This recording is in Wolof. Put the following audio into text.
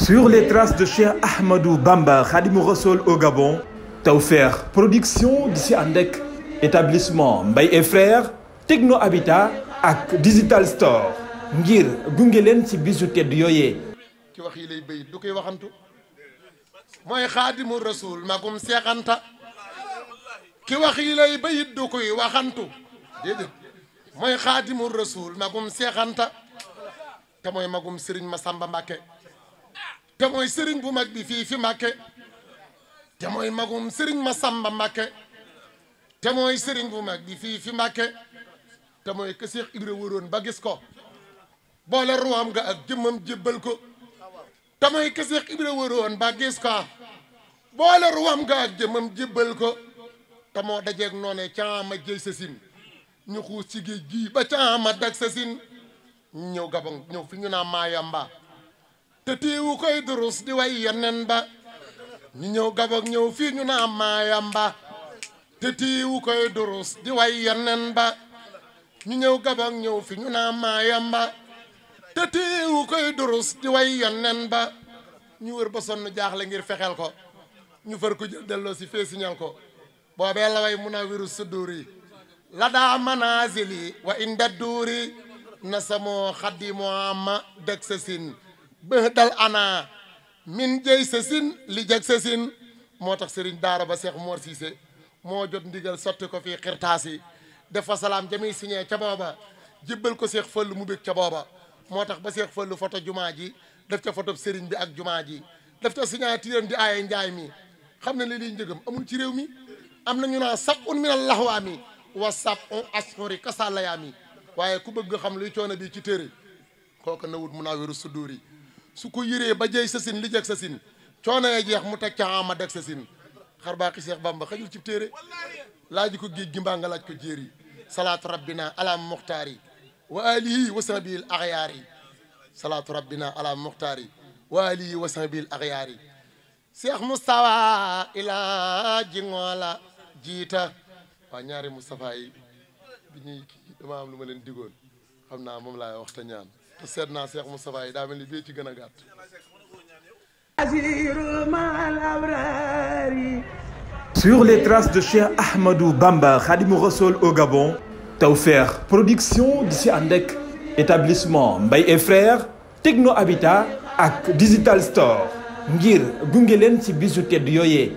Sur les traces de Cheikh Ahmadou Bamba Khadimou Rassoul au Gabon Tawfekh Production di si ànd ak établissement Mbaye et Frères Techno Habitat ak Digital Store ngir gunge leen ci bisu tedd yooyee ki yi lay béy du koy waxantu mooy Khadimou Rassoul magum seexanta ki wax yi lay bayit te mooy magum Serigne Massamba Mbacke te mooy Serigne bu mag bi fii fi Mbacke magum Serigne ma Mbacke te mooy Serigne bu mag bi fii fi Mbacke te mooy wëroon ba gis ko boole ruwaam nga ak jëmmam jébbal ko te mooy que Cheikh noone caama jëy sa ñu xuus ci géej gii caama dag sa ñu ñëw gabon ñëw fi ñu naa maayamba te tiiwu koy ñëw gabon ñëw fii ñu naa maayamba te tiiwu koy durus di way yeneen ba ñu ñëw gabon ñëw fi ñu naa maayamba te tiiwu koy durus di way yeneen ba ñu wër ba sonn jaaxle ngir fexeel ko ñu far ko jël delloo si fee siñal ko boobee la way mun a wiru suduuri la daa manaasili wa inda duuri nasamoo xaddimoo ma deg sa sin ba dal ana min jëy sa li jeg sa moo tax sëriñ daara ba seex moor siise moo jot ndigal sotti ko fii xirtaas def dafa salaam jamiy siñee ca booba jibbal ko seex fëllu mu bég ca booba moo tax ba seex fëllu foto jumaa ji def ca foto sëriñ bi ak jumaa ji def ca signaturam di aaye njaay mi xam ne li liy njëgam amul ci réew mi am na ñu naa sab un minal laxwaa mi wa sab un asxori kasalayaa mi waaye ku bëgg xam luy coono bi ci téere kooka na wut mun naa wéru su ko yëree ba jëy sa li jeg sa sin coono jeex mu teg ca ama deg sa sin xar baaxi Seex Bamba ci téere laaj ko géej gi mbaa nga laaj ko jéer yi salaatu rabbina ala muxtaar yi wa alihi wa sahbihi al axyaar yi ilaa ji ngoola jiita waa ñaari Mustafa yi bi lu ma leen digoon naa moom laay wax te ci gën a gàtt Sur les traces de Cheikh Ahmadou Bamba Khadimou Rassoul au Gabon Tawfekh Production di si ànd établissement Mbaye et Frères Techno Habitat ak Digital Store ngir gunge leen ci bisu tedd yooyee